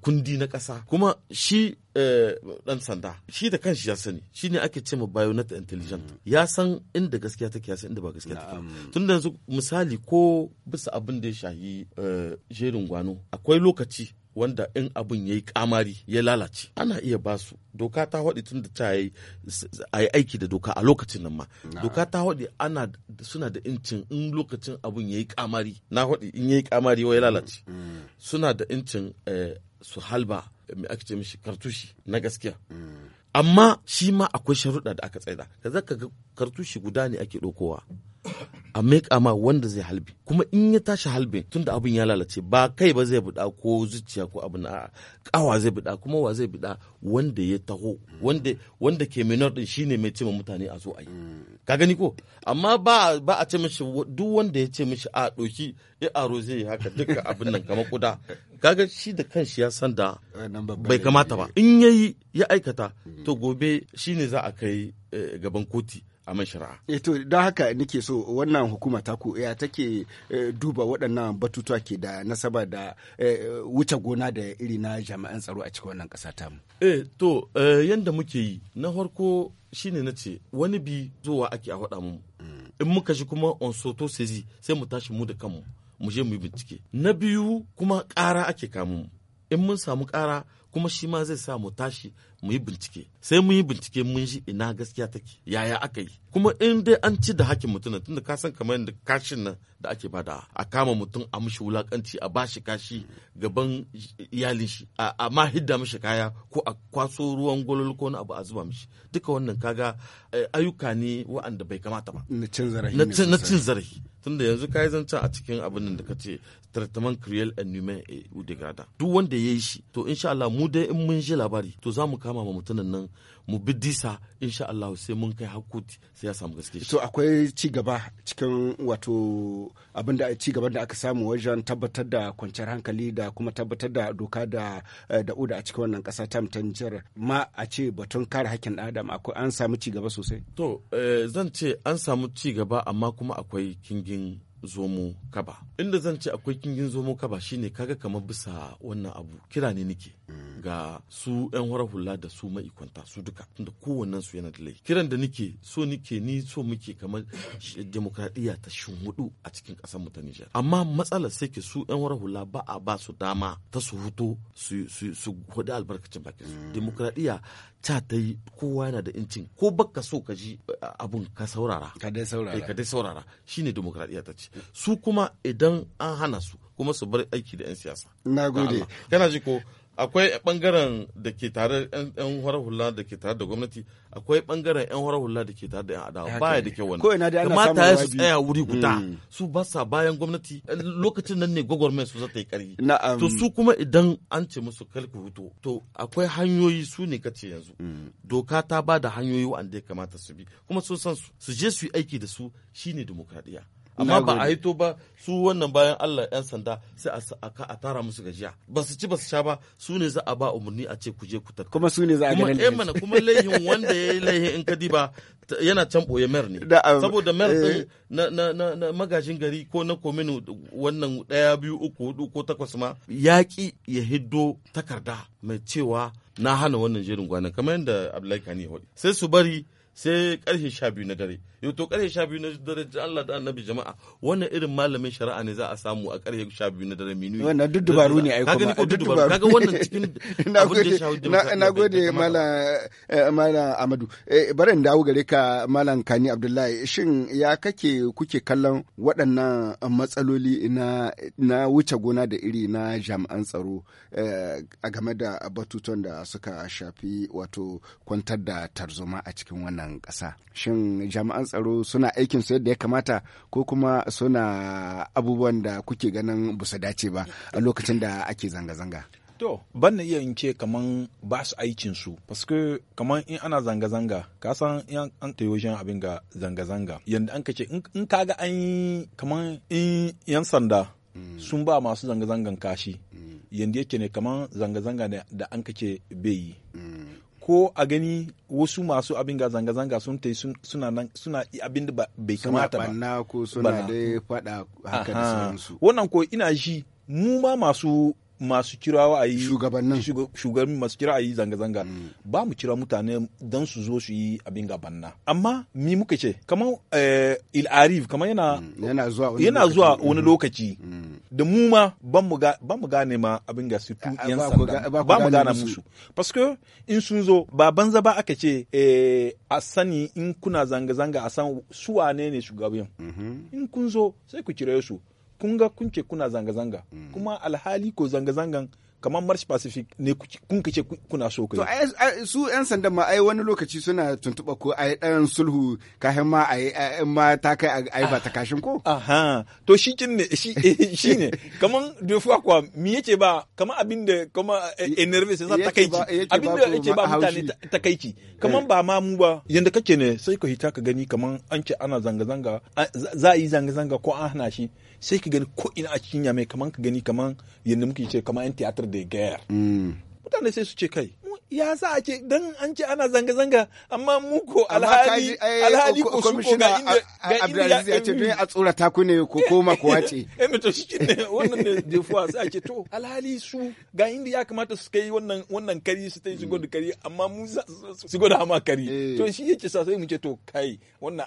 kundi na ƙasa kuma shi Eh, dan sanda shi da kanshi ya sani shi ne ake ce ma bayonet intelligent ya san inda gaskiya take ya san inda ba gaskiya take tun da yanzu misali ko bisa abin da ya shahi eh, jerin gwano akwai lokaci wanda in abin ya yi kamari ya lalace ana iya ba su doka ta haɗe tun da ta yi a yi aiki da doka a lokacin nan ma doka ta haɗe ana suna da incin in lokacin abin ya yi kamari na haɗe in ya yi kamari ya lalace mm, mm. suna da incin eh, su halba mai ake ce mishi kartushi na gaskiya mm. amma shi ma akwai sharuɗa da aka tsaida ka ga kartushi guda ne ake ɗaukowa a meka ma wanda zai halbi kuma in ya tashi halbe tunda abin ya lalace ba kai ba zai buɗa ko zuciya ko abin a'a ƙawa zai buɗa kuma wa zai buɗa wanda ya taho wanda wanda ke minor din shine mai ce mutane a zo a yi ka gani ko amma ba a ce mishi duk wanda ya ce mishi a ɗoki ya aro zai yi haka duka abin nan kamar kuda kaga shi da shi ya san da bai kamata ba in yayi ya aikata to gobe shine za a kai eh, gaban koti a man shari'a. E to don haka nake so wannan hukuma ta ku ya take eh, duba waɗannan batutuwa ke da nasaba da eh, wuce gona da iri na jami'an tsaro a cikin wannan ƙasa ta mu. E to yanda muke yi na farko shine na ce wani bi zuwa ake a faɗa mu. In muka shi kuma on soto sezi sai mu tashi mu da kanmu mu je mu yi bincike. Na biyu kuma ƙara ake kamun in mun samu ƙara kuma shi ma zai sa mu tashi mu yi bincike sai mun yi bincike mun ji ina gaskiya take yaya aka yi kuma in dai an ci da hakkin mutum tunda ka san kamar da kashin nan da ake bada a kama mutum a mushi wulakanci a bashi kashi gaban iyalin shi a ma hidda mishi kaya ko a kwaso ruwan gwalol ko abu a zuba mishi duka wannan kaga eh, ayyuka ne wa'anda bai kamata ba na cin zarafi tunda yanzu ka yi zancen a cikin abin da ka ce traitement cruel en humain et ou dégradant duk wanda yayi shi to insha Allah mu dai in mun ji labari to za mu kama ma mutumin nan mu bi disa insha Allah sai mun kai hakuri sai ya samu gaske to akwai ci gaba cikin wato abin da ci gaban da aka samu wajen tabbatar da kwanciyar hankali da kuma tabbatar da doka da eh, da oda a cikin wannan kasa ta mutanjar ma a ce batun kare hakkin adam akwai an samu ci gaba sosai to eh, zan ce an samu ci gaba amma kuma akwai kingin zomo kaba inda zan ce akwai kingin zomo kaba shine kaga kamar bisa wannan abu kira ne nike ga su yan horar hula da su ma'ikwanta su duka tunda kowannen su yana da laifi kiran da nike so nike ni so muke kamar demokradiyya ta hudu a cikin kasar mu ta Nijar amma matsala sai ke su yan wara hula ba a ba su dama ta su huto su su, su albarkacin bakin su demokradiyya ca ta yi kowa yana da incin ko baka so ka ji eh, abun ka saurara ka dai saurara eh, ka dai demokradiya ta ce su kuma idan an hana su kuma su bar aiki da yan siyasa nagode kana ji ko akwai bangaren da ke tare yan hula da ke tare da gwamnati akwai bangaren yan horar hula da ke tare da yan adawa baya da ke wani kamata ya su tsaya wuri guda hmm. su ba sa bayan gwamnati lokacin nan ne gwagwarmai su zata yi karfi to su kuma idan an ce musu kalku hutu to akwai hanyoyi su ne kace yanzu hmm. doka ta ba da hanyoyi wanda ya kamata su bi kuma sun san su je su yi aiki da su shine demokradiya amma ba a hito ba su wannan bayan Allah 'yan sanda sai a tara musu gajiya ba su ci ba su sha ba su ne za a ba umarni a ce ku je ku kuma su ne za a ganin kuma eh mana kuma laihin wanda ya yi laihin in ka diba yana can boye mer ne um, saboda mer eh. na na na magajin gari ko na kominu wannan daya biyu uku hudu ko takwas ma yaƙi ya hiddo takarda mai cewa na hana wannan jerin gwana kamar yadda Abdullahi Kani ya sai su bari sai karfe sha biyu na dare y'o to kare sha biyu na dare Allah da annabi jama'a wannan irin malamin shari'a ne za a samu a ƙarfe sha biyu na dare minuyi wannan duk dubaru ne ai kuma duk dubaru kaga wannan cikin na gode eh, malam Amadu eh, barin in dawo gare ka malam Kani Abdullahi shin ya kake kuke kallon waɗannan matsaloli na na wuce gona da iri na jami'an tsaro eh, a game da batutuwan da suka shafi wato kwantar da tarzoma a cikin wannan ƙasa shin jami'an tsaro suna aikin su yadda ya kamata ko kuma suna abubuwan da kuke ganin ba su dace ba a lokacin da ake zanga-zanga to ban na iya in ce kaman ba su aikin su paske kaman in ana zanga-zanga ka san in an tayo abin ga zanga-zanga yanda an ka ce in ka ga an yi kaman in yan sanda sun ba masu zanga-zangan kashi mm. yanda yake ne kaman zanga-zanga da an ka ce bai yi mm. ko a gani wasu masu abin ga zanga-zanga sun ta suna suna abin da bai kamata ba suna ko suna da fada haka da sauransu wannan ko ina shi mu ma masu masu kirawa a yi shugabannin shugabannin masu kira a yi zanga-zanga mm. ba mu kira mutane don su zo su yi abin ga banna amma mi muka ce kamar il eh, arif kamar yana mm, yana zuwa wani mm. lokaci mm. da mu ma ban mu gane ma abin ga su yan sanda ba mu gane musu parce que in sun zo ba banza ba aka ce eh, a sani in kuna zanga-zanga a san su wane ne shugaban mhm. in kun zo sai ku kire su kun ga kun kuna zanga-zanga mhm. kuma alhali ko zanga-zangan kamar march pacific ne kun kace kuna so ku to su yan sanda ma ai wani lokaci suna tuntuba ko ai dan sulhu kafin ma ai in ma ta kai ai ba ta kashin ko aha to shi kin ne shi ne kamar da fuwa kwa me ce ba kamar abin da kuma enerve sai ta kai abin da ce ba mutane ta kai eh. kamar ba ma mu ba yanda kake ne sai ka hita ka gani kamar an ce ana zanga zanga za a yi zanga zanga ko an hana shi sai ka gani ko ina a cikin yamai kamar ka gani kamar yadda muke ce kamar yan tiyatar da gayar mutane sai su ce kai ya sa ake dan an ce ana zanga-zanga amma mu ko alhali alhali ko su ko ga inda ga Abdulaziz ya ce a tsura ta ne ko koma ko wace eh mito shi ne wannan ne defuwa sai ake to alhali su ga inda ya kamata su kai wannan wannan kari su tai shigo da kari amma mu su goda hama kari eh. to shi yake sa sai mu ce to kai wannan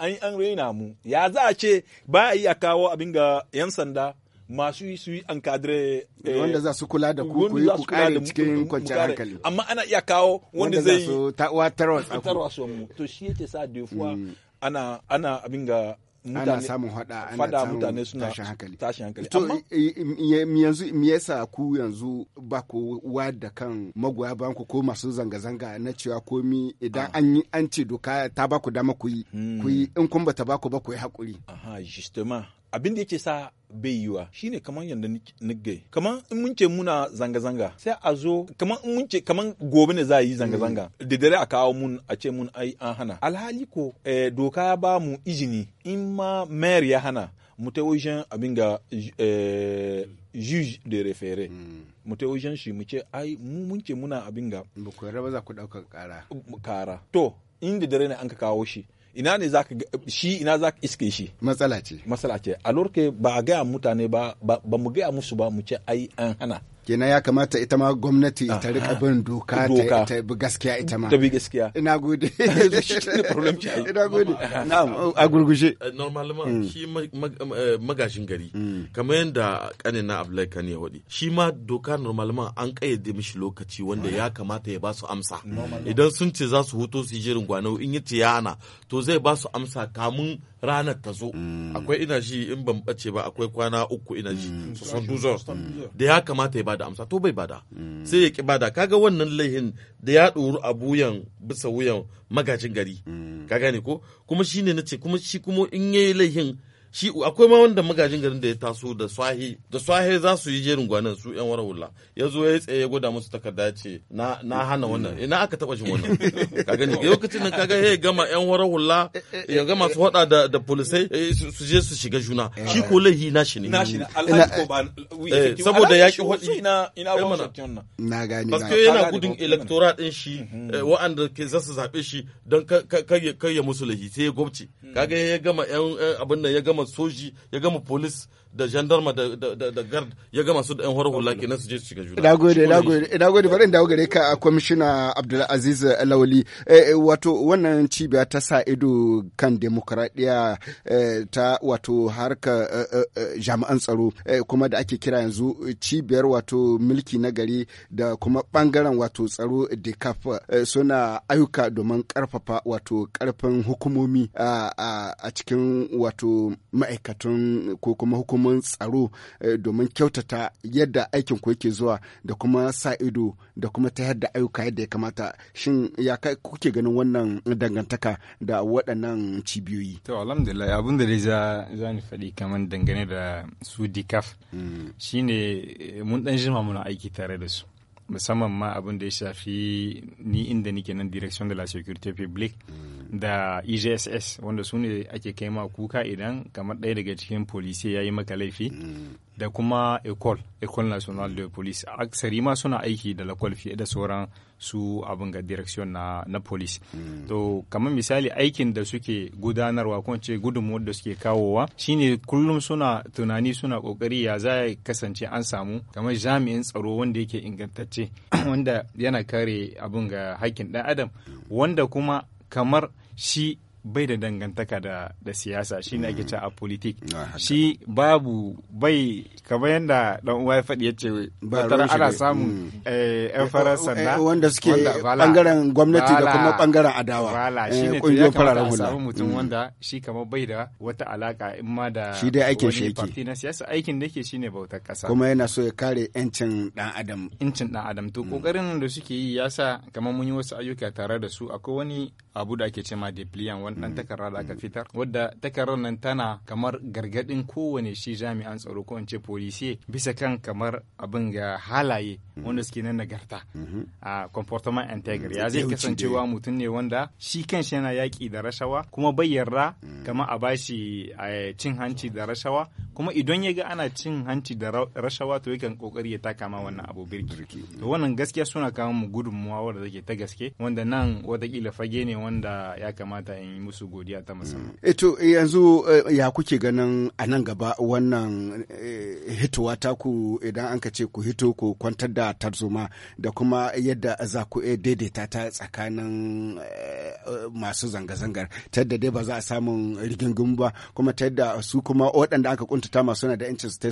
ai an raina mu ya za a ce ba a iya kawo abin ga yan sanda masu su yi an kadire eh, wanda za su kula da ku ku yi ku kare cikin kwanciyar hankali amma ana iya kawo wanda zai su tarwatsa mu to shi yake sa da fuwa mm. ana ana abin ga mutane ana samun hada ana fada mutane suna tashin hankali tashin hankali to yanzu me yasa ku yanzu ba ku da kan magoya ku ko masu zanga zanga na cewa komi idan ah. an yi an ce doka ta ba ku dama ku yi ku yi hmm. in kun ta ba ku ba ku yi hakuri aha justement abin da yake sa bai yiwa shine kamar yadda nigge kamar in mun ce muna zanga-zanga sai a zo kamar in mun ce kamar gobe ne za a yi zanga-zanga mm. da dare a kawo mun a ce mun ai an hana alhali ko eh, doka ya ba mu izini in ma mayar ya hana mu ta wajen abin ga eh, juge de refere mm. mu ta wajen shi mu ce ai mu mun ce muna abin ga ba ku yarda za ku ɗaukar kara kara to in da dare ne an ka kawo shi ina ne ka shi ina zaka iske shi matsala ce matsala ce a ba a gaya mutane ba ba mu gaya musu ba mu ce ai an hana kenan ya kamata ita ma gwamnati ah, ta rika ah, bin doka ta bi gaskiya ita ma ta bi gaskiya ina gode ina gode a gurgushe eh, normalement hmm. shi eh, magashin gari hmm. kamar yadda kanina Abdullahi Kani ya wadi shi ma doka normalement an kayyade mishi lokaci wanda ya kamata ya ba su amsa idan sun ce za su huto su jirin jerin gwanau in yi ce yana to zai ba su amsa kamun ranar ta zo hmm. akwai ina ji in ban ɓace ba akwai kwana uku ina ji su san da ya kamata ya ba da amsa to bai bada sai ya ki bada kaga wannan laihin da ya ɗoru a buyan bisa wuyan magajin gari ka gane ko kuma shine nace kuma shi kuma in yayi laihin shi akwai ma wanda magajin garin da ya taso da swahi da swahi za su yi jerin gwanan su yan warawula ya zo ya tsaye ya gwada musu takarda ce na hana wannan mm. ina aka taba jin wannan ka gani lokacin nan kaga ya gama yan warawula ya gama su hada da da polisai eh, su je su shiga juna eh. shi ko lahi na shi ne na eh, saboda ya ki hodi ina ina ba na gani na yana gudun electoral din shi mm-hmm. wa'anda ke za su zabe shi don kai ya musu lahi sai ya gobce mm-hmm. kaga ya gama yan abin nan ya gama soji ya gama polis da gendarme da da guard ya gama su da yan horar hula kenan su je su shiga juna na gode na gode na gode bari dawo gare ka kwamishina Abdulaziz Lawali eh, eh, wato wannan cibiya ta sa ido kan demokradiya eh, ta wato harka jami'an tsaro kuma da ake kira yanzu cibiyar wato mulki na gari da kuma bangaren wato tsaro decaf suna ayyuka domin karfafa wato karfin hukumomi a cikin wato ma'aikatan ko kuma hukumomi hukumomin tsaro eh, domin kyautata yadda aikin ku yake zuwa da kuma sa ido da kuma ta yadda ayyuka yadda ya kamata shin ya kuke ganin wannan dangantaka da waɗannan cibiyoyi to alhamdulillah abin da dai za ni faɗi kamar dangane da su dikaf mm. shine eh, mun ɗan jima muna aiki tare da su musamman ma abin da ya shafi ni inda nike nan direction de la sécurité publique mm. da egss wanda su ne ake kai ma kuka idan kamar ɗaya daga cikin police ya yi maka laifi mm. da kuma école école nationale de police aksari ma suna aiki da la fiye da sauran su abin ga direction na, na police mm. to kamar misali aikin da suke gudanarwa ko ce gudunmuwar da suke kawowa shine kullum suna tunani suna kokari ya za kasance an samu kamar jami'in tsaro wanda yake ingantacce wanda yana kare abin ga haƙƙin ɗan adam wanda kuma kamar shi bai da dangantaka da, da siyasa shi ne ake mm. ce a politik ah, shi babu bai kamar yadda dan uwa ya faɗi ya ce tara ana samun mm. eh, yan farar sanda eh, wanda suke bangaren gwamnati da kuma bangaren adawa wala eh, shi ne ya kamata a samu mutum mm. wanda shi kama bai da wata alaka in ma da shi dai aikin shi yake na siyasa aikin da yake ne bautar kasa kuma yana so ya kare yancin dan adam yancin dan adam to kokarin da suke yi yasa kamar mun yi wasu ayyuka tare da su akwai wani abu da ake ce ma depliant wannan mm-hmm. takarar da aka mm-hmm. fitar wadda takarar nan tana kamar gargadin kowane shi jami'an tsaro ko in ce polisiye bisa kan kamar abin ga halaye Mm-hmm. wanda suke na nagarta mm-hmm. a comportement integer mm-hmm. ya zai kasancewa mutum ne wanda shi kanshi yana yaƙi da rashawa kuma bai mm. kama a bashi cin hanci da rashawa kuma idan ya ga ana cin hanci da rashawa to yakan kokari ya taka ma wannan abu birki to wannan gaskiya suna kawo mu gudunmuwa wanda take ta gaske wanda nan watakila fage ne wanda ya kamata in yi musu godiya ta musamman mm. eto eh, eh, yanzu eh, ya kuke ganin a nan gaba wannan hitowa taku idan an ka ce ku hito ku kwantar da tarzoma da kuma yadda za ku daidaita ta tsakanin eh, masu zanga-zangar ta yadda dai ba za a samun rigingimu ba kuma ta yadda su kuma waɗanda aka kuntata masu na da yancin su ta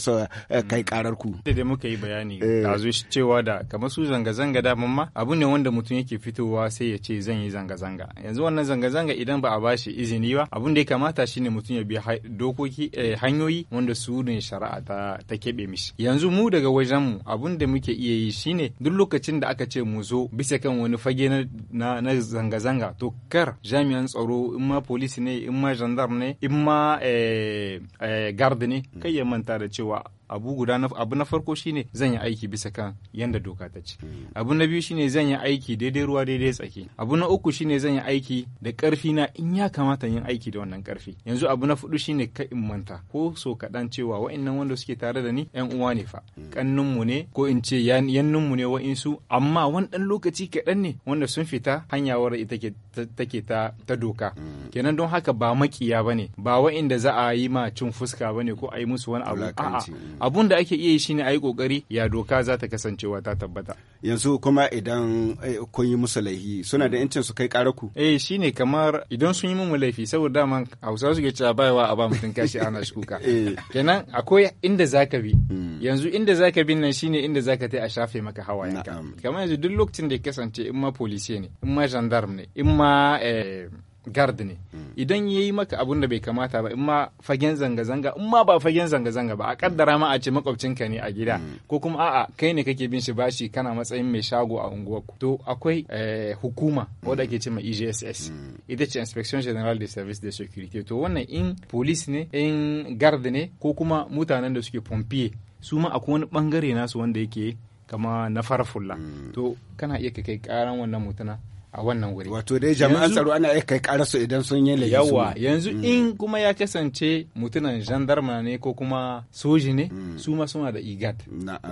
eh, kai karar mm. ku. Da muka yi bayani da eh. zo cewa da kamar su zanga-zanga da ma abu ne wanda mutum yake fitowa sai ya ce zan yi zanga-zanga yanzu wannan zanga-zanga idan ba a shi izini ba abun da ya kamata shine mutum ya bi dokoki hanyoyi wanda su ne shari'a ta keɓe mishi yanzu mu daga wajenmu abun da muke iya yi yi shine duk lokacin da aka ce mu zo bisa kan wani fage na, na zanga-zanga to kar jami'an tsaro in ma polisi ne in ma gendarme ne in ma eh, eh, ne mm. kai ya manta da cewa abu guda na abu na farko shine zan yi aiki bisa kan yanda doka ta ce abu na biyu shine zan yi aiki daidai ruwa daidai tsaki abu na uku shine zan yi aiki da karfi na in ya kamata yin aiki da wannan karfi yanzu abu na fudu shine ka in manta ko so kaɗan cewa wa'annan wanda suke tare da ni yan uwa ne fa mu ne ko in ce mu ne wa'insu amma wani ɗan lokaci kaɗan ne wanda sun fita hanya wadda ita ke take ta ta doka mm. kenan don haka ba makiya bane ba wa'inda za a yi ma cin fuska bane ko a yi musu wani abu a'a mm. abun da ake iya yi shine a yi kokari ya doka za ta kasancewa ta tabbata yanzu kuma idan eh, kun yi musu laifi suna da yancin su kai karaku. Eh shine kamar idan sun yi mu laifi saboda dama Hausawa suke cewa baiwa a ba mutum kashi ana shi kuka. Eh. Kenan akwai inda zaka bi. Hmm. Yanzu inda zaka bi nan shine inda zaka ta a shafe maka hawayenka. Kamar yanzu duk lokacin da ya kasance in ma polisiye ne, in ma gendarme ne, in ma eh, gard ne idan ya yi maka abun da bai kamata ba in ma fagen zanga-zanga in ma ba fagen zanga-zanga ba a kaddara ma a ce makwabcinka ne a gida mm. ko kuma a'a kai ne kake bin shi bashi kana matsayin mai shago a unguwarku to akwai eh, hukuma wadda ake ce ma EJSS mm. ita ce Inspection General de Service de Security to wannan in police ne in gard ne ko kuma mutanen da suke pompier su ma akwai wani bangare nasu wanda yake kama na farfulla mm. to kana iya kai karan wannan mutuna a wannan wuri. Wato dai jami'an tsaro ana iya kai karasu idan sun yi laifi. Yawa yanzu mm. in kuma ya kasance mutunan jandarma ne ko kuma soji ne suma mm. su ma suna da IGAD.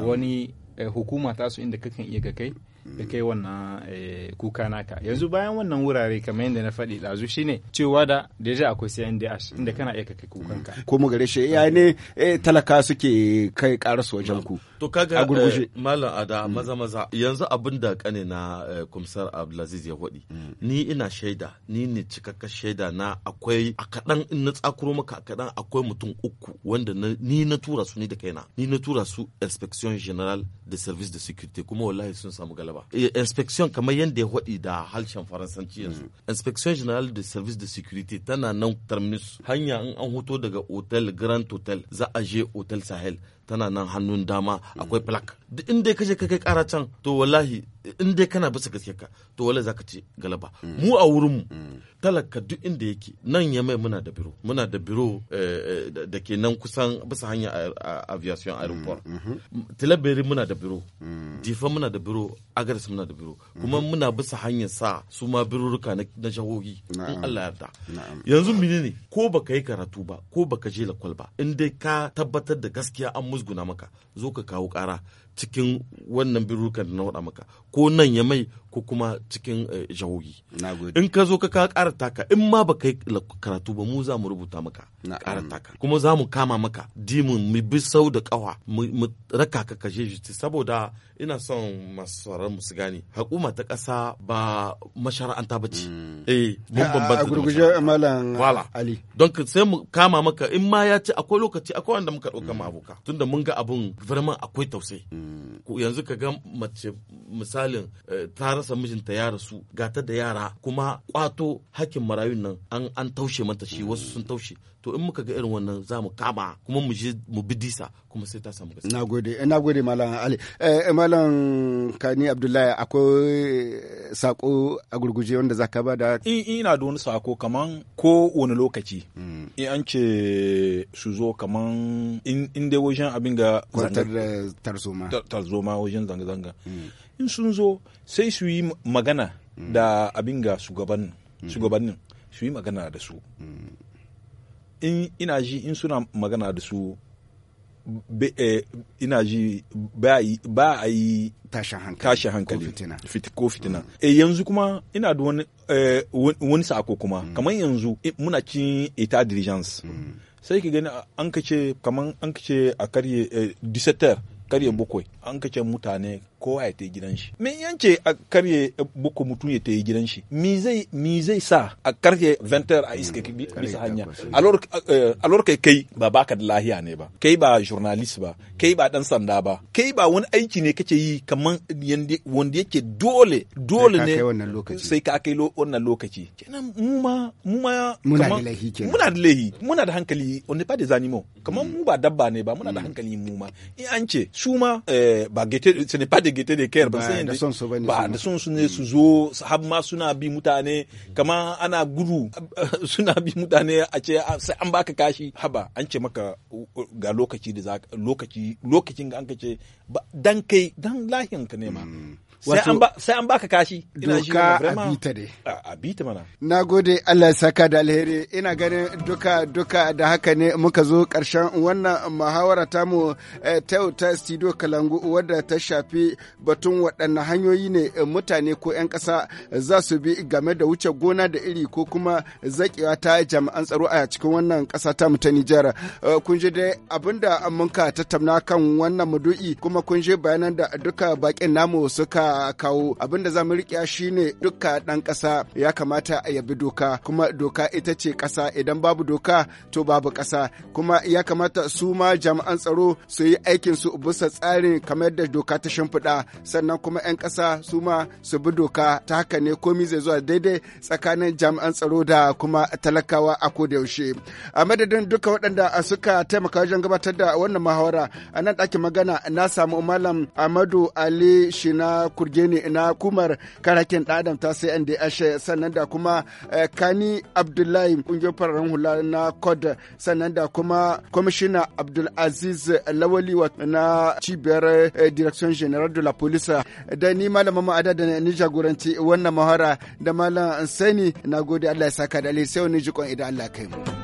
Wani eh, hukuma tasu inda kakan iya kai da kai wannan eh, kuka naka yanzu bayan wannan wurare kamar yadda na faɗi ɗazu shine cewa da deja akwai sayan dash inda kana iya kai kukanka mm. ko mu gare shi ya ne eh, talaka suke kai karasu wajen ku to kaga eh, malam ada mm. maza maza yanzu abin da kane na kumsar abdulaziz ya faɗi mm. ni ina shaida ni ne cikakka shaida na akwai a kaɗan in na tsakuro maka a kaɗan akwai mutum uku wanda ni na tura su ni da kaina ni na tura su inspection general de service de securite kuma wallahi sun samu galaba ba eh, inspection kamar yadda ya haɗi da harshen faransanci yanzu mm. inspection general de service de security tana nan terminus hanya in an hoto daga hotel grand hotel za a je hotel sahel tana nan hannun dama mm. akwai plaque duk inda ka je ka kai kara can to wallahi in kana bisa gaske ka to wallahi zaka ci galaba mm. mu a wurin mu mm. talaka duk inda yake nan ya mai muna da biro muna da biro eh, eh, da ke nan kusan bisa hanya aviation mm, airport mhm. tilabiri muna da biro difa muna da biro agaris muna da biro mm-hmm. kuma muna bisa hanyar sa su ma biruruka na jahohi in Allah yarda yanzu menene ko baka yi karatu ba ko baka je lakwal ba in dai ka tabbatar da gaskiya an musguna maka zo ka kawo kara cikin wannan birukan da na waɗa maka ko nan ya mai ko kuma cikin eh, jahohi in ka zo ka ƙara taka in ma ba kai karatu ba mu za mu rubuta maka ƙara mm. taka kuma za mu kama maka dimin mu bi sau da kawa mu raka ka kashe shi saboda ina son masu sauran su gane hakuma ta kasa. ba mashara'anta ba ce mm. eh mun bambanta a gurguje ali don sai mu kama maka in ma ya ce akwai lokaci akwai wanda muka ɗauka ma mm. abuka. tun da mun ga abun vraiment akwai tausayi yanzu ka ga mace misalin eh, ta rasa mijinta ya rasu gata da yara kuma kwato hakkin marayun nan an an taushe mata shi wasu sun taushe to in muka ga irin wannan za mu kama kuma mu je mu bi disa kuma sai ta samu gaskiya nagode eh, nagode malam ali eh, eh malam kani abdullahi akwai eh, sako a gurguje wanda zaka ba da in ina da wani sako kaman ko wani lokaci hmm. in an ce su zo kaman in dai wajen abin ga tarzoma tarzoma wajen zanga zanga hmm. in sun zo sai su yi magana da abin ga shugabannin su yi magana da su in ina ji in suna magana da su eh, ina ji ba a yi tashi hankali ko fitina e yanzu kuma ina da wani eh, sako kuma mm. kamar yanzu muna cin ita diligence mm. sai ki gani an kace kamar an kace a karye 17 karye bakwai an kace mutane kowa ya ta gidan shi min yance a karye buku mutum ya ta gidan shi mi zai mi zai sa a karye ventar a iska bisa hanya alor kai kai ba baka da lahiya ne ba kai ba journalist ba kai ba dan sanda ba kai ba wani aiki ne kace yi kaman wanda yake dole dole ne sai ka kai wannan lokaci kenan mu ma mu ma muna da lahi kenan muna da lahi muna da hankali on ne pas des animaux kaman mu ba dabba ne ba muna da mm. hankali mu ma in an ce su ma eh, ba gete ce ne pas de gite da kayar ba sai da son su bane ba da son su ne su zo har ma suna bi mutane kama ana gudu suna bi mutane a ce ah, sai an baka kashi haba an ce maka ga lokaci da lokaci lokacin ga an ka ce dan kai dan lahiyanka ne ma mm. sai an baka kashi doka a bita ne a bita mana na gode Allah ya saka da alheri ina ganin duka duka da haka ne muka zo karshen wannan muhawara eh, ta mu ta ta studio Kalangu wadda ta shafi batun waɗanne hanyoyi ne eh, mutane ko 'yan ƙasa za su bi game da wuce gona da iri ko kuma zakewa ta jami'an tsaro a cikin wannan ƙasa ta mu ta Nijar eh, kun ji dai abinda mun ka tattauna kan wannan mudu'i kuma kun ji bayanan da duka bakin namu suka Kawo kawo abinda za mu riƙe shine duka ɗan ƙasa ya kamata a yabi doka kuma doka ita ce ƙasa idan babu doka to babu ƙasa kuma ya kamata su ma jami'an tsaro su yi aikin su bisa tsarin kamar da doka ta shimfiɗa sannan kuma 'yan ƙasa su ma su bi doka ta haka ne komi zai zuwa daidai tsakanin jami'an tsaro da kuma talakawa a koda yaushe a madadin duka waɗanda suka taimaka wajen gabatar da wannan muhawara a nan ɗakin magana na samu malam amadu ali shina kurje ne na kumar karakin ɗadam ta sai an ashe sannan da kuma eh, kani abdullahi ƙungiyar fararen hula na kod sannan da kuma kwamishina abdulaziz lawali na cibiyar eh, direction general de la police da ni malamin ma'ada da ni jagoranci wannan mahara da malam sani na gode allah ya saka da alheri sai wani jikon idan allah kai mu.